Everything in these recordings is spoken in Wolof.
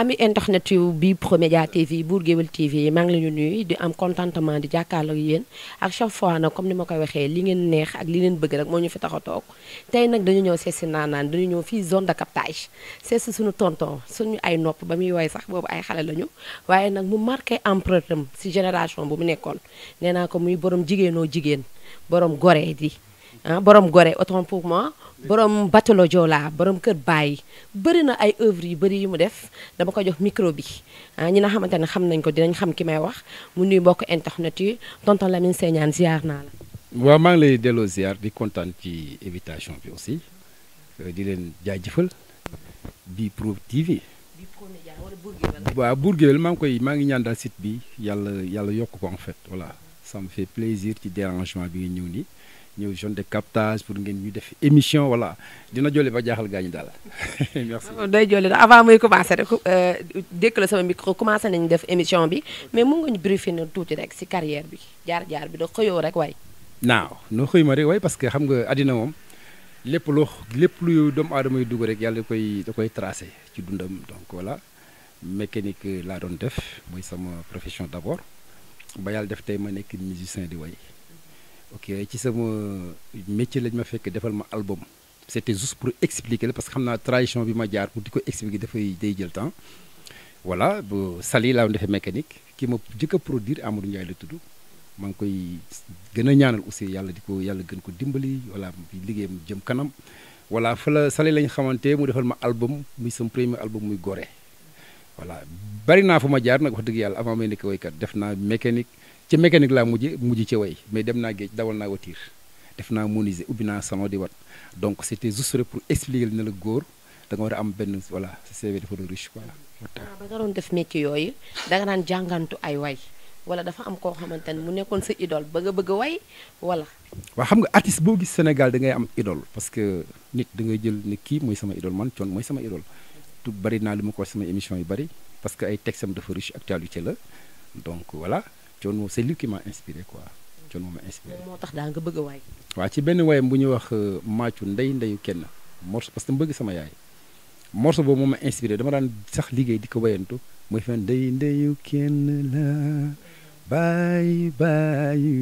ami internet yu bi Promedia TV Bour Gueweul TV maa ngi la ñu nuyu di am contentement di jàkkaarloo yéen ak chaque fois na comme ni ma koy waxee li ngeen neex ak li ngeen bëgg rek moo ñu fi tax toog tey nag dañu ñëw seesi naanaan dañu ñëw fii zone de captage seesi suñu tonton suñu ay nopp ba muy woy sax boobu ay xale lañu waaye nag mu marqué empreinte am si génération bu mu nekkoon nee naa ko muy boroom jigéenoo jigéen boroom goree di ah borom gore autant pour moi borom batalo Joola borom kër bàyyi bëri na ay œuvre yu bëri yu mu def dama ko jox micro bi ah ñi nga xamante ne xam nañ ko dinañ xam ki may wax mu nuy mbokk internet yi tonton Lamine Segnane ziar naa la. waaw maa ngi lay delloo ziar di kontaan ci invitation bi aussi euh, di leen jaajëfal bi Pro TV. waaw Bour Gueweul maa ngi koy maa ngi ñaan daal site bi yàlla yàlla yokk ko en fait voilà ça fait plaisir ci dérangement bi ñëw nii. ñëw zone de captage pour ngeen ñu def émission voilà dina jolli ba jaaxal gaañu daal merci. Ah, day jolli na avant mooy commencé rek euh, dëkk la sama micro commencé nañ def émission bi mais mu nga ñu briefé na tuuti rek si carrière bi jaar-jaar bi da xëyoo rek waay. naaw noo xëy ma rek waay parce que xam nga àddina moom lépp loo lépp lu doomu aadama yu dugg rek yàlla koy da koy tracé ci dundam donc voilà mécanique laa doon def mooy sama profession d' abord ba yàlla def tey ma nekk musicien di way ok ci sama métier lañ ma fekk defal ma album c' était juste pour expliquer la parce que xam naa tradition bi ma jaar pour di ko expliquer dafay day jël temps voilà bu Saly laa defee mécanique ki ma jëkk a produire Amadou Ndiaye la tudd maa koy gën a ñaanal aussi yàlla di ko yàlla gën ko dimbali voilà liggéeyam jëm kanam voilà fa la Saly lañ xamante mu defal ma album muy sama premier album muy Gorée voilà bari naa fu ma jaar nag wax dëgg yàlla avant may ci mécanique laa mujj mujj ci way mais dem naa géej dawal naa watiir def naa menuisier ubbi naa salon di wat donc c' était juste rek pour expliquer ne la góor da war a am benn voilà sa CV dafa doon riche voilà. Ah, ba nga doon def métier yooyu ay way wala dafa am koo xamante ne mu nekkoon sa idole bëgg a bëgg a wala. waaw xam nga artiste boo gis da ngay am idole parce que nit da ngay jël ne kii mooy sama idole man coon mooy sama idole tu bari naa ma ko wax sama émission yu parce que ay textes am dafa riche actualité la donc voilà. Thione moom c'est lui m'a inspiré quoi Thione moo tax daal nga a waay. waaw ci benn waayam bu ñu wax euh, Maacu ndey ndeyu kenn morceau parce que mu bëgg sama yaay morceau boobu moom ma inspiré dama daan sax liggéey di ko wayantu muy fen ndey ndeyu kenn la bàyyi bàyyi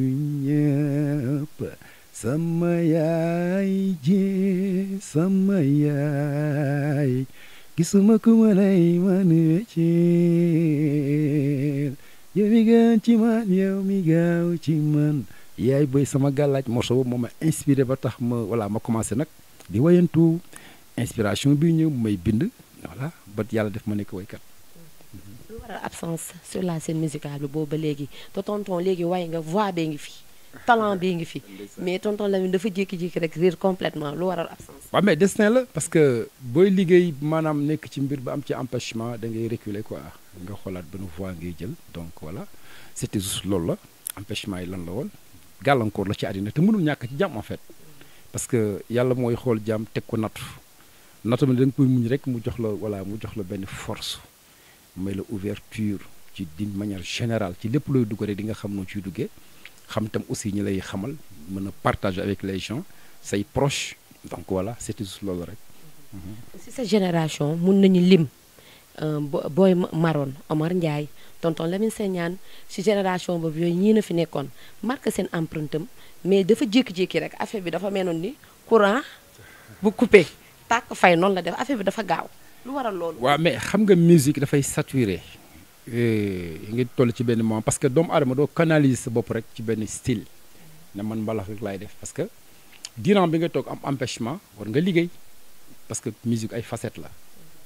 ñëpp sama yaay ji sama yaay gisuma ku ma lay mën ci yow mi gën ci man yow mi gaaw ci man yaay bëy sama gàllaaj morceau boobu moo ma inspiré ba tax ma voilà ma commencé nag di wayantu inspiration bi ñëw may bind voilà ba yàlla def ma nekk waykat lu waral absence sur la scène musicale boobu ba léegi tonton léegi waaye nga voix bee ngi fi talent bee ngi fi mais tonton Lamine dafa jékki-jékki rek réer complètement lu waral absence waaw mais destin la parce que booy liggéey maanaam nekk ci mbir ba am ci empêchement da ngay reculer quoi nga xoolaat benn voie ngay jël donc voilà c'était juste loolu la empêchement yi lan la woon gàllankoor la ci àddina te mënul ñàkk ci jàmm en parce que yàlla mooy xool jàmm teg ko nattu nattu mi da nga koy rek mu jox la voilà mu jox la benn force may la ouverture ci d'une manière générale ci lépp looy dugg rek xam noo ciy duggee xam tam aussi ñi lay xamal mën a partager avec les gens say proches donc voilà c'était juste loolu rek. ci sa génération mun nañu lim. Euh, Boy Maroon Omar Ndiaye tonton Lamine Segnane ci génération boobu yooyu ñii na fi nekkoon marqué seen empreinte mais dafa jékki-jékki rek affaire bi dafa meloon ni courant bu coupé tàkk fay noonu la def affaire bi dafa gaaw lu waral loolu. waaw mais xam nga musique dafay saturé. Euh, nga toll ci benn moment parce que doomu aadama doo canaliser sa bopp rek ci benn style ne man mbalax rek laay def parce que diiran bi nga toog am empêchement war nga liggéey parce que musique ay facette la.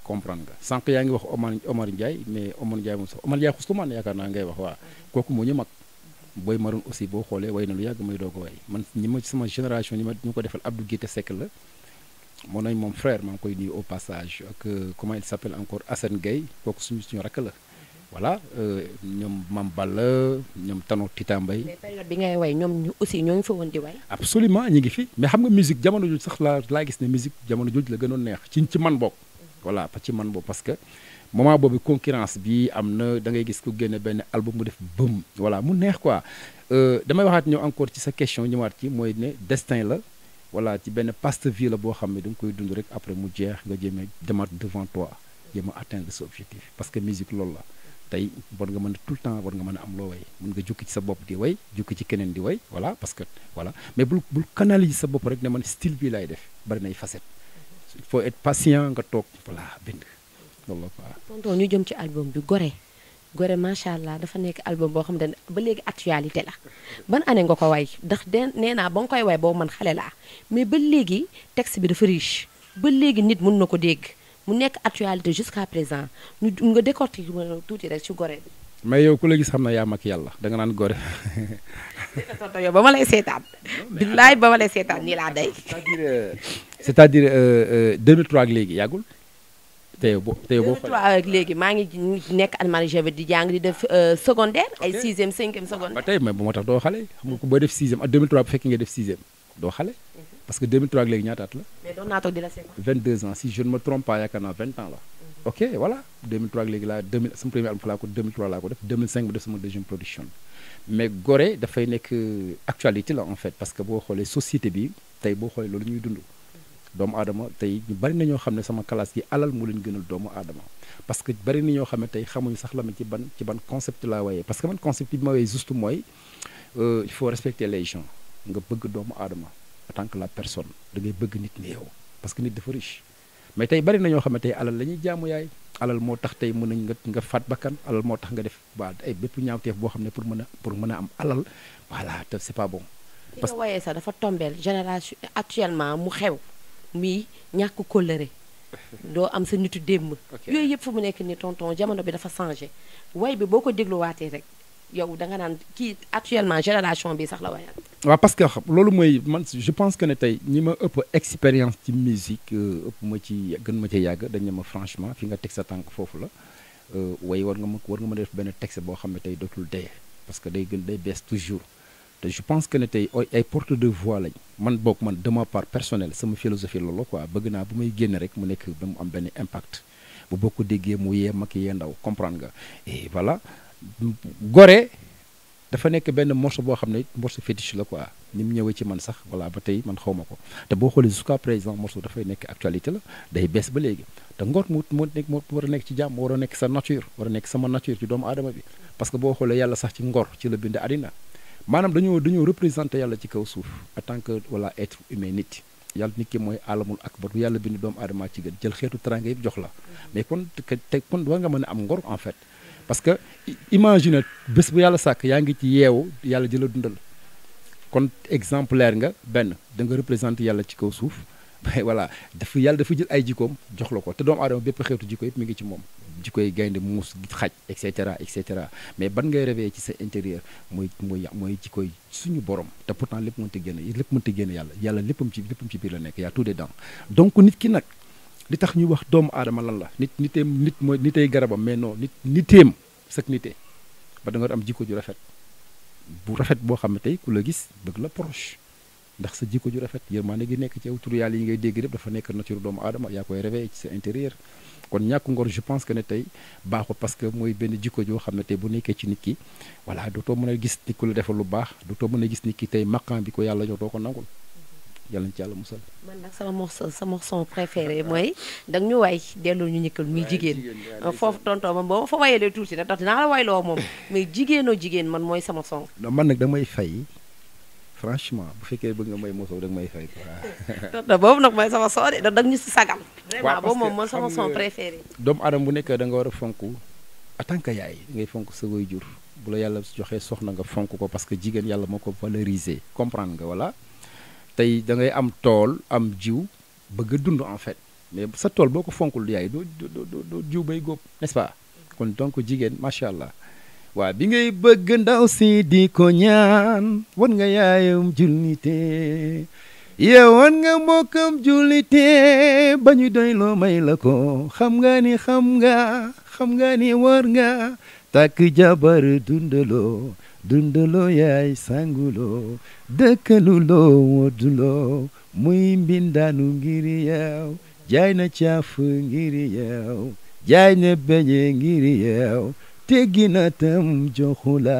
comprendre nga sànq yaa ngi wax Omar Omar Ndiaye mais Omar Ndiaye moom sax Omar Ndiaye xustumaan yaakaar naa ngay wax waa kooku moo ñu mag booy maroon aussi boo xoolee way na lu yàgg may doo ko way man ñi ma sama génération ñi ma ñu ko defal Abdou Guité Seck la moo nañ moom frère maa ngi koy nuyu au passage ak euh, comment il s'appelle encore kooku suñu suñu rakk la voilà euh, ñoom Mam Balla ñoom Tano Titambay. mais période bi ngay way ñoom ñu aussi ñoo ngi fa woon di ñu ngi fi mais xam nga musique jamono jooju sax laa laa gis ne musique jamono jooju la gënoon neex ci ci man bokk. voilà ci man boobu parce que moment boobu concurrence bi am na da ngay gis ku génne benn album mu def bëm voilà mu neex quoi euh, damay waxaat ñëw encore ci sa question ñëwaat ci mooy ne destin la voilà ci benn paste vie la boo xam ne da koy dund rek après mu jeex nga jéemee demat devant toi jéem a atteindre sa objectif parce que musique loolu la tey war nga mën a tout le temps war nga mën a am loo way mën nga jukki ci sa bopp di way jukki ci keneen di way voilà parce que voilà mais bul bul sa bopp rek ne man style bi laay def bari nay facette il faut être patient nga toog voilà bind tonton ñu jëm ci album bi gore gore macha allah dafa nekk album boo xam ne ba léegi actualité la ban année nga ko way ndax de nee naa ba nga koy way boo man xale laa mais ba léegi texte bi dafa riche ba léegi nit mun na ko dégg mu nekk actualité jusqu'à présent ñu nga décortiquer tuuti rek ci gore mais yow ku la gis xam na yaa mag yàlla da naan gore. ba ma lay seetaan. billaay ba ma lay seetaan nii laa day. c'est-à-dire euh, c'est-à-dire euh, euh, ak léegi yàggul. tey boo boo xoolee ak léegi ba tey mais xam nga ko booy def sixième ak ah, 2003 bu fekkee nga def sixième doo xale. Mhm. parce que 2003 ak léegi ñaata at la. mais doon naa toog di la seetaan. 22 ans si je ne me trompe pas yaakaar naa 20 ans la. ok voilà 2003 léegi laa 2000 sama premier album fa laa ko 2003 laa ko def 2005 bi def sama deuxième production mais Gorée dafay nekk euh, actualité la en fait parce que boo xoolee société bi tey boo xoolee loolu ñuy dund doomu aadama tey ñu bari na ñoo xam ne sama classe yi alal moo leen gënal doomu aadama parce que bari na ñoo xam ne tey xamuñu sax la ma ci ban ci ban concept laa waaye parce que man concept bi ma waaye juste mooy euh, il faut respecter les gens nga bëgg doomu aadama en la personne da ngay bëgg nit ni yow parce que nit dafa riche mais tey bari na ñoo xam ne tey alal la ñuy jaamu yaay alal moo tax tey mën nañ nga nga faat bakkan alal moo tax nga def waa ay bépp ñaawteef boo xam ne pour mën a pour mën a am alal voilà te c'est pas bon. parce que waaye sax dafa tombeel génération actuellement mu xew muy ñàkk kóllëre doo am sa nit démb. yooyu yëpp fu mu nekk nii tonton jamono bi dafa changé way bi boo ko dégluwaatee rek yow da nga naan kii actuellement génération bii sax la wayal. waaw parce que loolu mooy man je pense que ne tey ñi ma ëpp expérience ci musique euh, ëpp ma ci gën ma ci yàgg dañ ne ma franchement fi nga teg sa tànk foofu la euh, way war nga ma war nga mën def benn texte boo xam ne tey dootul dee parce que day gën day bees toujours te je pense que ne tey ay porte de voix lañ man boog man de ma part personnelle sama philosophie loolu quoi bëgg naa bu may génn rek mu nekk ba mu am benn impact bu bokk déggee mu yee mag yee ndaw comprendre nga dafa nekk benn morceau boo xam ne morceau fétiche la quoi ni mu ñëwee ci man sax voilà ba tey man xaw ma ko te boo xoolee jusqu'à présent morceau dafay nekk actualité la day bees ba léegi te ngor mu moo nekk moo war a nekk ci jàmm war a nekk sa nature war a nekk sama nature ci doomu aadama bi parce que boo xoolee yàlla sax ci ngor ci la bind àddina maanaam dañoo dañoo représenter yàlla ci kaw suuf en tant que voilà être humain nit yàlla nit ki mooy alamul akbar bu yàlla bind doomu aadama ci gën jël xeetu teranga jox la mm-hmm. mais kon te kon war nga mën a am ngor en fait parce que imagine bés bu yàlla sàkk yaa ngi ci yeewu yàlla jëla dundal kon exemplaire nga benn da nga représenté yàlla ci kaw suuf voilà dafa yàlla dafa jël ay jikkoom jox la ko te doomu aadama bépp xeetu jikko yëpp mu ngi ci moom jikkoy gaynde muus xaj et cetera et cetera mais ban ngay réveillé ci sa intérieur mooy mooy mooy jikkoy suñu borom te pourtant lépp mënta génn lépp mënta génn yàlla yàlla léppam ci léppam ci biir la nekk yaa tout dedans donc nit ki nag li tax ñuy wax doomu aadama lan la nit niteem nit mooy nitey garabam mais non nit niteem sag nite ba da nga am jikko ju rafet bu rafet boo xam ne tey ku la gis bëgg la proche ndax sa jikko ju rafet yërmaande gi nekk ci yow yi ngay dégg yëpp dafa nekk nature doomu aadama yaa koy réveillé ci sa intérieur kon ñàkk ngor je pense que ne tey baaxul parce que mooy benn jikko joo xam ne tey bu nekkee ci nit ki voilà dootoo mën a gis nit ku la defal lu baax dootoo mën a gis nit ki tey maqam bi ko yàlla jox doo ko nangul yàlla na ci yàlla musal. man nag sama morceau sama son préféré mooy danga ñu way delloo ñu ñëkkal muy jigéen euh, foofu tonton man boo fa wayee dee tuuti nag tax dinaa la moom mais jigéenoo jigéen man mooy sama son. non man nag damay fay franchement bu fekkee bëgg nga may morceau danga may fay quoi. tonton boobu nag da nga ñu si sagal. vraiment boobu moom mooy préféré. doomu aadama bu nekk da nga war a fonk en tant que yaay ngay fonk sa waajur bu la yàlla joxee soxna nga fonk ko parce que jigéen yàlla moo ko valoriser comprendre nga voilà. tey da ngay am tool am jiw bëgg dund en fait mais sa tool boo ko fonkul yaay doo doo doo jiw bay góob n'est-ce pas kon donc jigéen macha allah waa bi ngay bëgg ndaw si di ko ñaan wan nga yaayam jullite yow nga mbokkam jullite ba ñu doy loo may la ko xam nga ni xam nga xam nga ni war nga takk jabar dundaloo dunduloo yaay sanguloo dëkkaluloo wodduloo muy mbindaanu ngir yow jaay na caaf ngir yow jaay na beñe ngir yow teggi na tam joxula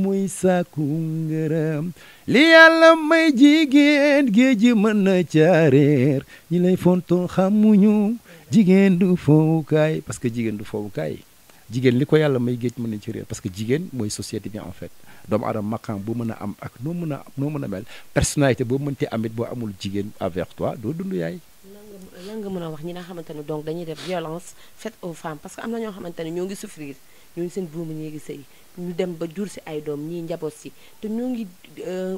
muy sàkku ngërëm li yàlla may jigéen géej mën na caareer ñi lay fontoo xamuñu jigéen du fowukaay parce que jigéen du fowukaay jigéen li ko yàlla may géej mën nañ ci réer parce que jigéen mooy société bi en fait doomu aadama makkaan bu mën a am ak noo mën a noo mën a mel personnalité boo mënti amit boo amul jigéen avec toi doo dund yaay. lan nga mën a wax ñi nga xamante ne donc dañuy def violence faite aux femmes parce que am na ñoo xamante ne ñoo ngi souffrir ñoo ngi seen buumu ñee ngi sëy ñu dem ba jur si ay doom ñii njaboot si te ñoo ngi euh,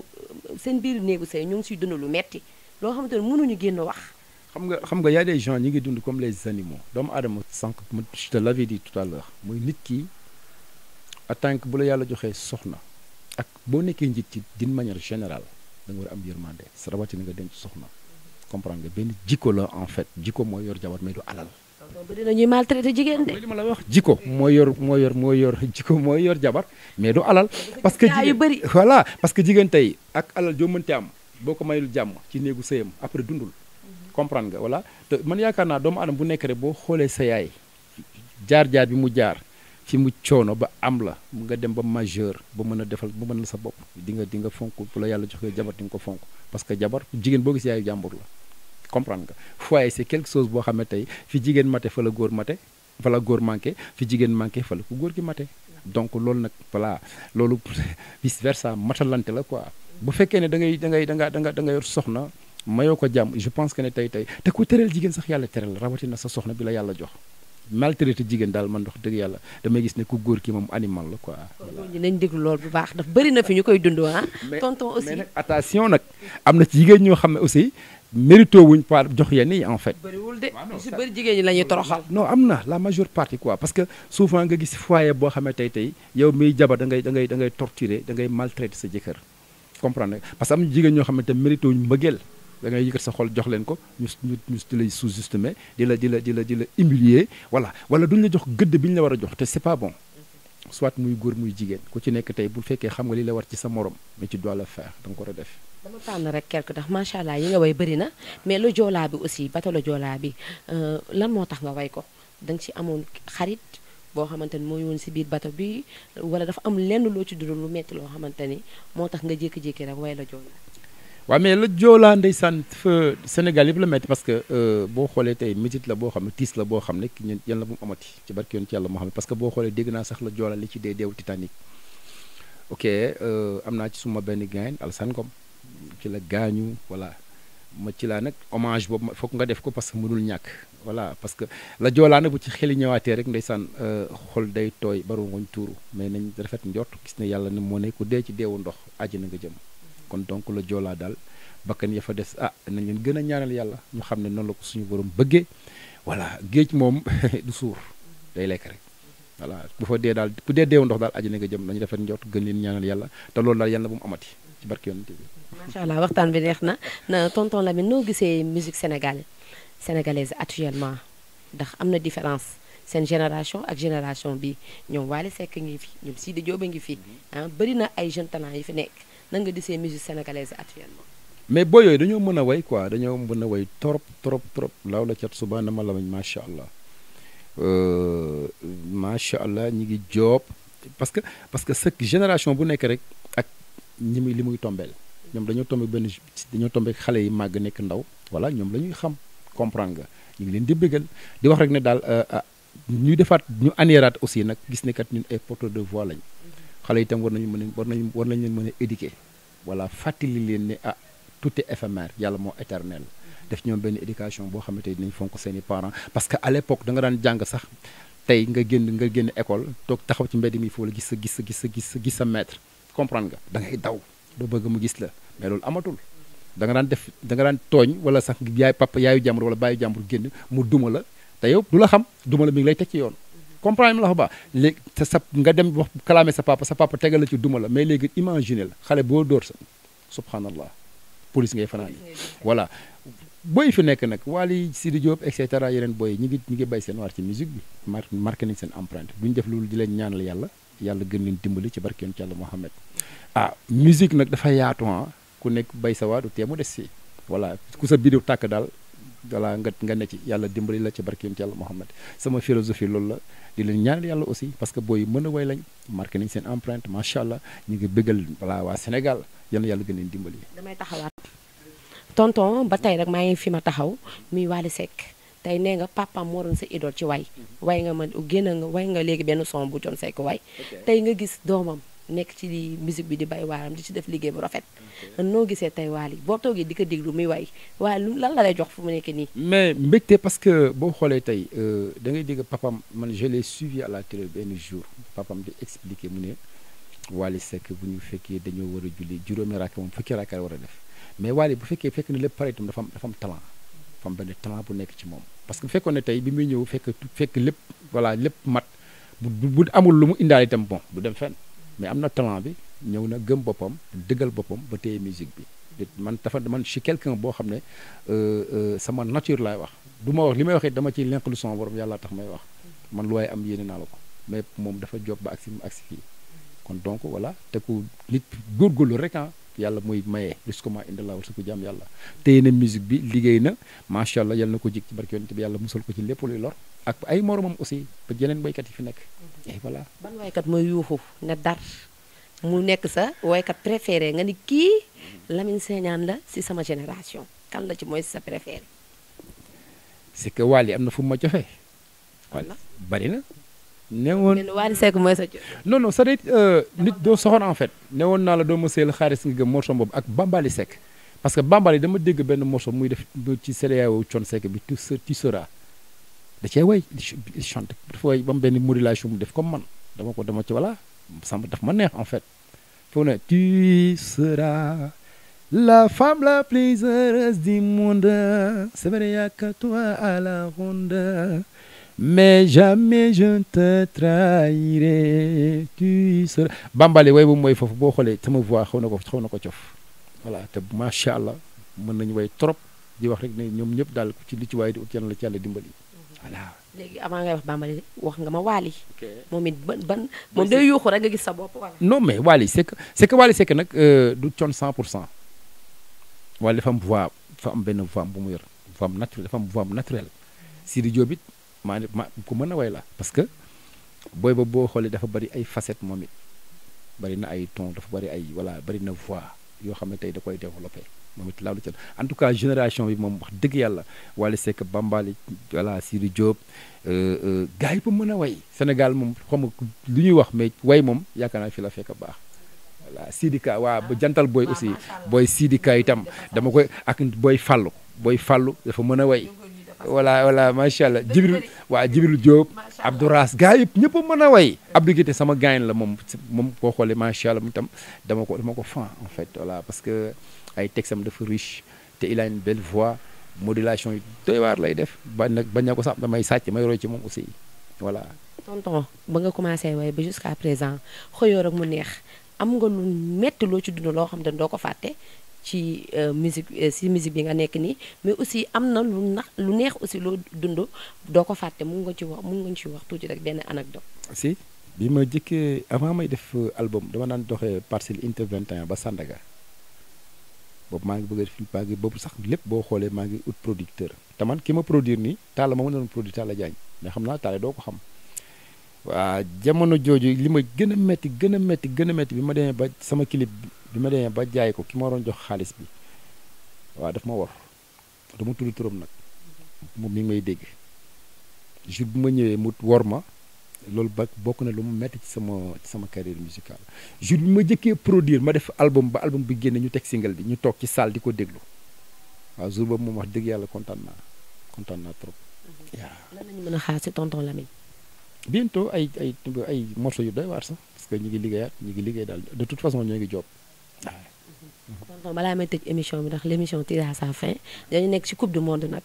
seen biir néegu sëy ñoo ngi siy dund lu metti loo xamante ne mënuñu génn wax. xam nga xam nga y a des ñi ngi dund comme les animaux doomu aadama sànq ma je te l'avais dit tout à mooy nit ki a tant que bu la yàlla joxee soxna ak boo nekkee njiit ci din manière général da war a am yërmande sa rawatina nga denc soxna comprendre nga benn jikko la en fait jikko mooy yor jabar mais du alal. bu dee dañuy maltraité jigéen li ma la wax jikko mooy yor mooy yor mooy yor jikko mooy yor jabar mais du alal. parce que jigéen bëri voilà parce que jigéen tey ak alal joo mënte am boo ko mayul jàmm ci néegu sëyam après dundul. comprendre nga voilà man yaakaar naa doomu aadama bu nekk rek boo xoolee sa yaay jaar-jaar bi mu jaar fi mu coono ba am la mu nga dem ba majeur ba mën a defal ba mën la sa bopp di nga di nga fonk la yàlla joxee jabar ko fonk parce que jabar jigéen boo gis yaayu jàmbur la comprendre nga foyer c'est quelque chose boo xam ne tey jigéen mate fa la góor mate fa góor manqué fi jigéen manqué fa la ku góor gi mate donc loolu nag voilà loolu vice versa matalante la quoi bu fekkee ne da ngay da ngay da soxna mayoo ko jàmm je pense que ne tey tey te ku tëral jigéen sax yàlla tëral rawatina sa soxna bi la yàlla jox maltraité jigéen daal man dox dëgg yàlla damay gis ne ku góor ki moom animal la lool bu baax daf bëri fi ñu koy dund ah. tonton aussi mais nag attention nag am na ci jigéen ñoo xam ne aussi mérito wuñ par jox yenn en fait. bëriwul de jigéen ñi la ñuy toroxal. non am na la majeure partie quoi parce que souvent nga gis foyer boo xam ne tey tey yow miy jaba da ngay da ngay da ngay torturer da ngay maltraiter sa jëkkër comprendre nga parce que am jigéen ñoo xam ne te mérito wuñ mbëggeel da ngay yëkkat sa xol jox leen ko ñu ñu ñu di lay sous-estimer di la di la di la di la humilier voilà wala duñ la jox gëdd bi ñu la war a jox te c'est pas bon soit muy góor muy jigéen ku ci nekk tey bu fekkee xam nga li la war ci sa morom mais ci dois le faire da ko def. tànn rek quelque ndax macha allah yi nga way bëri na mais lu joolaa bi aussi bato la joolaa bi euh, lan moo tax nga way ko da nga ci amoon xarit boo xamante ni moo yoon si biir bato bi wala dafa am lenn loo ci dund lu metti loo xamante ni moo tax nga jékki rek way la joolaa. waaw mais la joolaa ndeysaan fa Sénégal yëpp la metti parce que euh, boo xoolee tey métit la boo xam ne tiis la boo xam ne ki ñun yàlla bu mu amati ci barki yoon ci yàlla moo xam ne parce naa sax la joolaa li ci dee deew ok euh, am naa ci suma benn gain Alassane Ngom ci la gaañu voilà ma ci laa nag hommage boobu foog nga def ko parce que mënul ñàkk voilà parce que la joolaa nag bu ci xeli ñëwaatee rek ndeysaan euh, xol day tooy baru ngoñ tuuru mais nañ rafet njort gis ne yàlla ne moo ne ku dee ci deewu ndox àjji na nga jëm kon donc la joolaa daal bakkan ya fa des ah nañ leen gën a ñaanal yàlla ñu xam ne noonu la ko suñu borom bëggee voilà géej moom du suur day lekk rek voilà bu fa dee daal bu dee deewu ndox daal aju na nga jëm nañu defar njort gën leen ñaanal yàlla te loolu daal yàlla bu mu amati ci barke yonent bi macha allah waxtaan bi neex na na tonton Lamine noo gisee musique sénégal sénégalaise actuellement ndax am na différence seen génération ak génération bi ñoom Wally Seck ngi fi ñoom Sidi Diop a fi mhm. ah, yi nan nga gisee musique sénégalaise actuellement. mais boo yooyu dañoo mën a way quoi dañoo mën a way trop trop trop laaw la cat suba na ma la macha allah euh, macha allah ñi ngi joob parce que parce que chaque génération bu nekk rek ak ñi muy li muy tombeel ñoom dañoo tombe benn dañoo tombe xale yi màgg nekk ndaw voilà ñoom la ñuy xam comprendre nga ñu leen di bëggal di wax rek ne daal euh, ah, ñuy defaat ñu anéeraat aussi nag gis ne kat ñun ay porteurs de voix lañ xale itam war nañu mën a war nañu war nañ leen mën a éduquer voilà leen ne ah tout est yàlla moo éternel def ñoom benn éducation boo xamante ne fonk seen i parents parce que à l'époque da nga daan jàng tey nga génn nga génn école toog taxaw ci mbedd mi foo la gis sa gis sa gis sa gis sa gis sa nga da ngay daw doo bëgg mu gis la mais loolu amatul da nga daan def da nga daan tooñ wala sax yaay papa yaayu jàmbur wala baayu jàmbur génn mu duma la te yow du la xam duma la mi ngi lay teg ci yoon comprendre la ba léegi te sa nga dem wax kalaame sa papa sa papa tegal la ci duma la mais léegi imaginer la xale boo door sa subhanallah police ngay fanaan voilà booy fi nekk nag Wally Sidy Diop et cetera yeneen booy ñi ngi ñi ngi bay seen waar ci musique bi mar marqué nañ seen empreinte duñ def loolu di leen ñaanal yàlla yàlla gën leen dimbali ci barkeem ci yàlla Mohamed ah musique nag dafa yaatu ah, ku nekk bay sa waadu teemu des si voilà ku sa bidiw tàkk daal walla nga ne ci yàlla dimbali la ci barke yonent yàlla Muhammad sama philosophie loolu la di leen ñaanal yàlla aussi parce que booy mën a way lañ marqué nañ seen empreinte macha allah ñu ngi bëggal walla waa Sénégal yal na yàlla gën dimbali. tonton ba tey rek maa ngi fi ma taxaw muy Wally Seck tey nee nga papaam moo doon sa idole ci way mhm. way nga ma génn nga way nga léegi benn son bu Thione Seck way tey nga gis doomam. nekk ci musique bi di bay waaram di ci def liggéey bu rafet. noo gisee tey waali boo toogee di ko déglu muy way waaye lu lan la lay jox fu mu nekk nii. mais mbégte parce que boo xoolee tey euh, da ngay dégg papam man je l'ai suivi à la télé benn jour papam di expliqué mu ne Wally Seck bu ñu fekkee dañoo war a julli juróomi raaka moom fukki raaka war a def mais Wally bu fekkee fekk na lépp pare itam dafa am dafa am talent dafa am benn talent bu nekk ci moom. parce que fekkoon ne tey bi muy ñëw fekk fekk lépp voilà lépp mat bu bu amul lu mu indaal itam bon du dem fenn. mais am na talent bi ñëw na gëm boppam dëggal boppam ba téye musique bi man dafa man si suis boo xam ne euh, euh, sama nature laay wax du ma wax li may waxee it dama ciy lenqlu son borom yàlla tax may wax man lu waaye am yéene naa la ko mais moom dafa job ba ak mu ak si fii kon donc voilà te ku nit góorgóorlu rek ah yàlla mooy maye riskuma indilaa wërsëgu jaam yàlla te na musique bi liggéey na macha allah yal na ko jik ci barke yonent bi yàlla musal ko ci lépp luy lor ak ay moromam aussi ba yeneen béykat yi fi nekk mhm. et voilà ban waykat mooy yuuxu ne dar mu nekk sa woykat préféré nga ni kii Lamine Señaan la si sama génération kan la ci mooy sa préféré c'est que Wally am na fu ma joxe wala bari na ne woon Wally Seck sa non non cest à euh, nit doo soxor en fait. ne woon naa la doo ma seel xaalis nga gëm morceau boobu ak Bambali Seck parce que Bambali dama dégg benn morceau muy def ci CEDEAO Thione Seck bi tu tu seras da cee way di dafa way ba benn modulation mu def comme man dama ko dama ci voilà sama daf ma neex en fait. foofu ne tu seras la femme la plus heureuse du monde c'est vrai y a que à la ronde. mais jamais je ne te trahirai tu seras bambale way boobu mooy foofu boo xoolee sama voix xaw na ko xaw na ko cof voilà te macha allah mën nañ way trop di wax rek ne ñoom ñëpp daal ci li ci waaye di ut la ci yàlla dimbali voilà. léegi avant ngay wax nga ma Waly. moom it ban ban moom day nga gis sa bopp wala. non mais Waly c'est que c'est que nag euh, du con 100 pour cent Waly dafa benn voix bu mu yor voix am naturelle dafa am voix am naturelle Sidi maa ma ku mën a way la parce que booy ba boo xoolee dafa bari ay facettes moom it bari na ay ton dafa bari ay voilà bari na voix yoo xam ne tey da koy développé moom it laalu ca en tout cas génération bi moom wax dëgg yàlla Wally Seck Bambali voilà Siri Diop euh, euh, gars yi ba mën a way Sénégal moom xam lu ñuy wax mais way moom yaakaar naa fi la fekk baax voilà Sidika waa ba jantal booy aussi booy Sidika itam dama koy ak booy fàllu booy fàllu dafa mën a way voilà voilà macha allah jibril waa jibril Diop Abdou Raas gaa yëpp ñëpp a mën a way Abdou Guité sama gaañ la moom moom koo xoole macha allah mu tam dama ko dama ko fan en fait voilà parce que ay texam dafa riche te il a une belle voix modulation yi doy waar lay def bañ nag bañ na ko sax damay sàcc may roy ci moom aussi voilà tonton ba nga commencé way ba jusqu'à présent xëyoo rek mu neex am nga lu metti loo ci dund loo xam ne doo ko fàtte ci euh, musique euh, si musique bi nga nekk nii mais aussi am na lu nax lu neex aussi loo dund doo ko fàtte mu nga ci wax mun nga ci wax tuuti rek benn anecdote si bi ma jëkkee avant may def euh, album dama daan doxe parcelle inter 21 ba Sandaga boobu maa ngi bëgg a def maa ngi boobu sax lépp boo xoolee maa ngi ut producteur te man ki ma produire nii Talla ma mënoon produire Talla Diagne mais xam naa Talla doo ko xam waa jamono jooju li ma gën a métti gën a métti gën a métti bi ma demee ba sama clip bi ma demee ba jaay ko ki ma waroon jox xaalis bi waaw daf ma war dama tudd turam nag moom mi ngi may dégg jour bi ma ñëwee mu war ma loolu ba bokk na lu mu métti ci sama ci sama carrière musicale jour bi ma jëkkee produire ma def album ba album bi génne ñu teg single bi ñu toog ci salle di ko déglu waaw jour boobu moom wax dëgg yàlla kontaan naa kontaan naa trop. Mhm. bientôt ay ay ay yu doy waar sax parce que ñu ngi liggéeyaat ñu ngi liggéey daal de toute façon ñoo ngi job waaw. kon balaa may tëj émission bi ndax l' émission tire à sa fin dañu nekk ci coupe du monde nag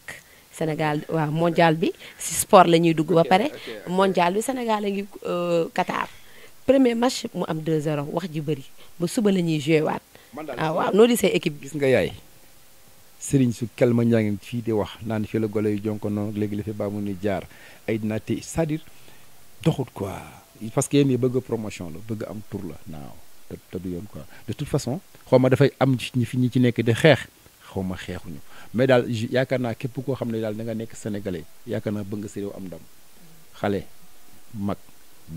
Sénégal waaw mondial bi ci sport la ñuy dugg ba pare. mondial bi Sénégal a ngi euh, Qatar. premier match mu am 2-0 wax ji bëri ba suba la ñuy joué waat. ah waaw noo di see équipe gis nga yaay Serigne su kelma ñaa ngi fii di wax naan fii la golo yu jonkoon noonu léegi la fi baamu ni jaar ay natt doxut quoi parce que yéen bëgg promotion la bëgg am tour la naaw te du yoon quoi de toute façon xaw ma dafay am ñi fi ñi ci nekk di xeex xaw ma xeexuñu mais daal yaakaar naa képp koo xam ne daal danga nekk sénégalais yaakaar naa bëgg nga si réew am ndam xale mag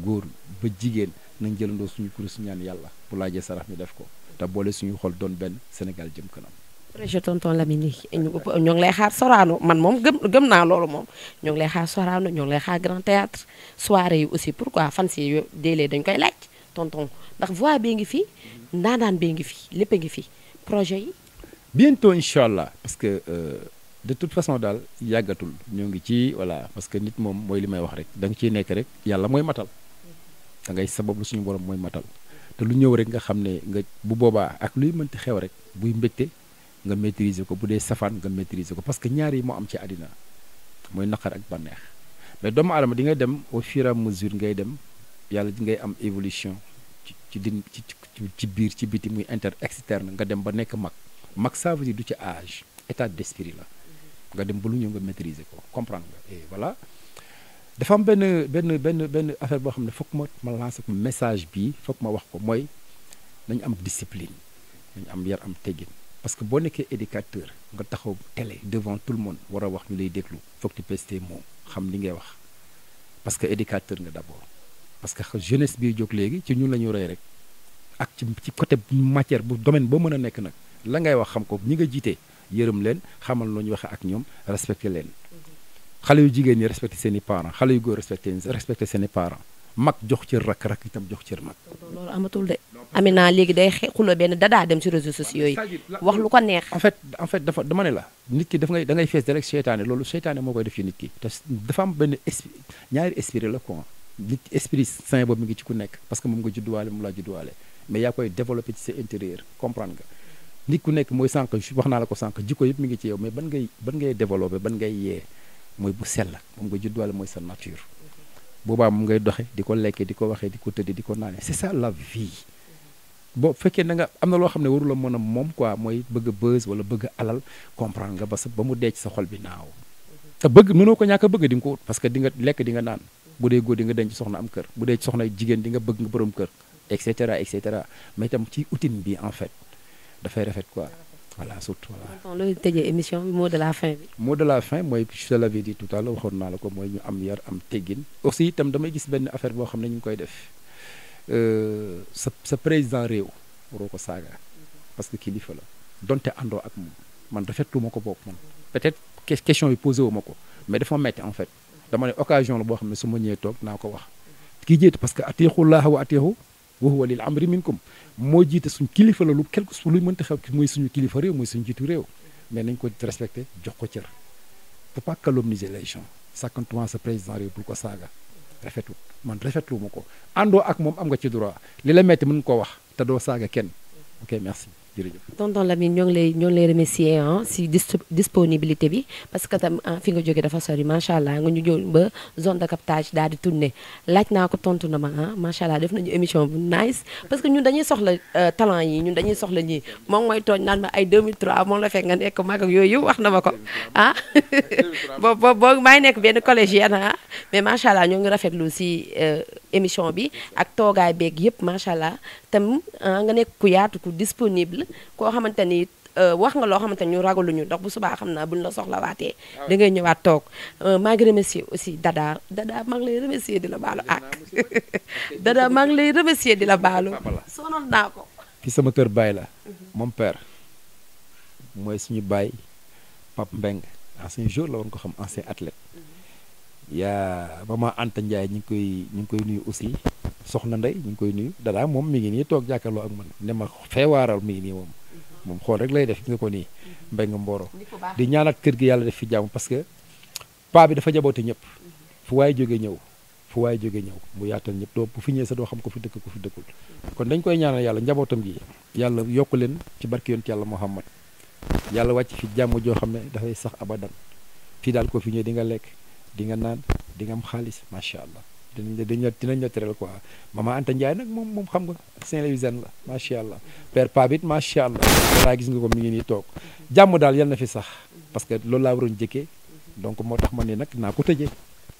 góor ba jigéen nañ jëlandoo suñu kuréel su ñaan yàlla bu laajee sarax mi def ko te boole suñu xol doon benn Sénégal jëm kanam. projet tonton Lamine yi ñoo ngi lay xaar Sorano man moom gëm gëm naa loolu moom ñoo ngi lay xaar Sorano ñoo ngi lay xaar Grand Théâtre soirée yi aussi pourquoi fan si déelee dañ koy laaj tonton ndax voix bee ngi fi ndaanaan bee ngi fi lépp ngi fi projet yi bientôt incha allah parce que euh, de tout façon daal yàggatul ñoo ngi ci voilà parce que nit moom mooy li may wax rek da nga ciy nekk rek yàlla mooy matal da ngay sabab lu suñu borom mooy matal te lu ñëw rek nga xam ne nga bu boobaa ak luy mënti xew rek nga maîtriser ko bu dee safaan nga maîtriser ko parce que ñaar yi moo am ci àddina mooy naqar ak bànneex mais doomu aadama di ngay dem au fur et sur ngay dem yàlla di ngay am évolution ci ci din ci ci biir ci biti muy inter externe nga dem ba nekk mag mag ça veut du ci age état d'esprit la nga dem ba lu ñëw nga maîtriser ko comprendre nga et voilà dafa am benn benn benn benn affaire boo xam ne foog ma ma ko message bii foog ma wax ko mooy nañu am discipline nañu am yar am teggin parce que boo nekkee éducateur nga taxaw télé devant tout le monde war a wax ñu lay déglu foog ñu peste moom xam li ngay wax parce que éducateur nga d'abord parce que jeunesse bi jóg léegi ci ñun la ñu rey rek ak ci ci côté matière bu domaine boo mën a nekk nag la ngay wax xam ko ñi nga jiite yërëm leen xamal loo ñu waxee ak ñoom respecté leen mm-hmm. xale yu jigéen ñi respecté seen i parents xale yu góor respecté respecté seen parent mag jox cër rakk rakk itam jox cër mag. loolu amatul de Amina léegi day xuloo benn daa dem ci réseaux sociaux yi wax lu ko neex. en fait en fait dafa dama ne la nit ki daf ngay da ngay fees da rek seytaane loolu seytaane moo koy def ci nit ki. te dafa am benn esprit ñaari esprit la quoi nit esprit sain mi ngi ci ku nekk parce que moom nga judduwaale moom laa judduwaale mais yaa koy développé ci nit ku nekk mooy sànq wax naa la ko sànq jikko yëpp mi ngi ci yow mais ban ngay ban ngay développé ban ngay yee mooy bu sell moom nga judduwaale mooy sa nature. boobaa moom ngay doxe di ko lekkee di ko waxee di ko tëddee di ko naanee c'est ça la vie boo fekkee na nga am na loo xam ne warula mën a moom quoi mooy bëgg a bës wala bëgg alal comprendre nga ba sa ba mu dee ci sa xol bi naaw te bëgg mënoo ko ñàkk a bëgg di nga ko wut parce que di lekk di naan bu dee góor di nga denc soxna am kër bu dee soxna jigéen di nga bëgg nga borom kër et cetera et cetera mais itam ci outine bi en fait dafay rafet quoi voilà surtout voilà. loolu tëjee émission bi mot de la fin bi. mot de la fin mooy je te waxoon naa la ko mooy ñu am yar am teggin. aussi itam damay gis benn affaire boo xam ne ñu koy def euh, sa sa président réew waroo ko saaga. parce que kilifa la donte àndoo ak moom man rafetlu ma ko bokk man peut-être question yi posé wu ma ko mais dafa metti en fait dama ne occasion la boo xam ne su ma ñëwee toog naa ko wax kii jiitu parce que atiixu laaha at atiixu wa huwa lil amri minkum moo jiite suñ kilifa la lu quelque chose luy mënta xew mooy suñu kilifa réew mooy suñu jiitu réew mais nañ ko respecté jox ko cër faut pas calomniser les gens sàkkantumaa sa président réew bul ko saaga rafetul man rafetlu ma ko àndoo ak moom am nga ci droit li la metti mën koo wax te doo saaga kenn ok merci jërëjëf tonton Lamine ñoo ngi lay ñoo ngi lay remercier ah disponibilité bi parce que tam ah, fi nga jógee dafa sori macha allah nga ñu ñëw ba zone de captage daal di tourné laaj naa ko tontu na ma ah macha allah def nañu émission bu nice parce que ñun dañuy soxla euh, talent yi ñun dañuy soxla ñii moom mooy tooñ naan ma ay 2003 moom la fekk nga nekk mag ak yooyu wax na ma ko ah boobu boobu boo maa ngi nekk benn collégienne ah mais macha allah ñoo ngi rafetlu si euh, émission bi ak toogaay beeg yëpp macha tam ah, nga nekk ku yaatu ku disponible koo xamante ni euh, wax nga loo xamante ni ñu ragaluñu ndax bu subaa xam naa bu ñu la soxlawaatee. Ah. da ngay ñëwaat toog euh, maa ngi aussi Dada Dada di la baalu ak Dada maa ngi lay remercier di la baalu. sonal naa ko. fi sama kër baay la. Mhm. mon père mooy suñu baay Pape Mbengue ancien joueur la woon ko xam ancien athlète. Mhm. yaa maman Anta Ndiaye ñu ngi koy ñu ngi koy nuyu aussi. soxna ndey ñu ngi koy nuyu dadaa moom mi ngi nii toog jàkkaarloo ak man ne ma feewaaral mi ngi nii moom moom xool rek lay def nga ko nii mbéy nga mbooro di ñaan kër gi yàlla def fi jàmm parce que paa bi dafa jaboote ñëpp fu waaye jóge ñëw fu waaye jóge ñëw mu yaatal ñëpp doo bu fi ñëw sa doo xam ko fi dëkk ko fi dëkkul kon dañ koy ñaanal yàlla njabootam gi yàlla yokk leen ci yoon yonent yàlla Muhammad yàlla wàcc fi jàmm joo xam ne dafay sax abadan fii daal ko fi ñëwee di nga lekk di nga naan di nga am xaalis macha allah dinañ la dinañ dinañ la teral quoi maman Anta Ndiaye nag moom moom xam nga Saint-Louisien la macha allah père Pape it macha allah laa gis nga ko mi ngi nii toog jàmm daal yal na fi sax parce que loolu laa waroon jëkkee donc moo tax ma ne nag naa ko tëjee.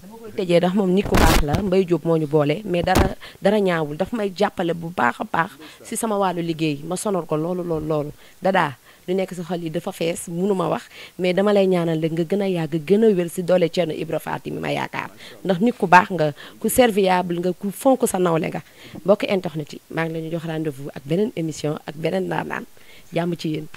dama koy tëjee ndax moom nit ku baax la mbay Diop moo ñu boole mais dara dara ñaawul daf may jàppale bu baax a baax si sama wàllu liggéey ma sonal ko loolu loolu loolu dadaa. lu nekk sa xol yi dafa fees munuma wax mais dama lay ñaanal rek nga gën a yàgg gën a wér si doole Thierno Ibra Faty mi ma yaakaar ndax nit ku baax nga ku serviable nga ku fonk sa nawle nga mbokk internet yi maa ngi leen di jox rendez-vous ak beneen émission ak beneen naanaan jàmm ci yéen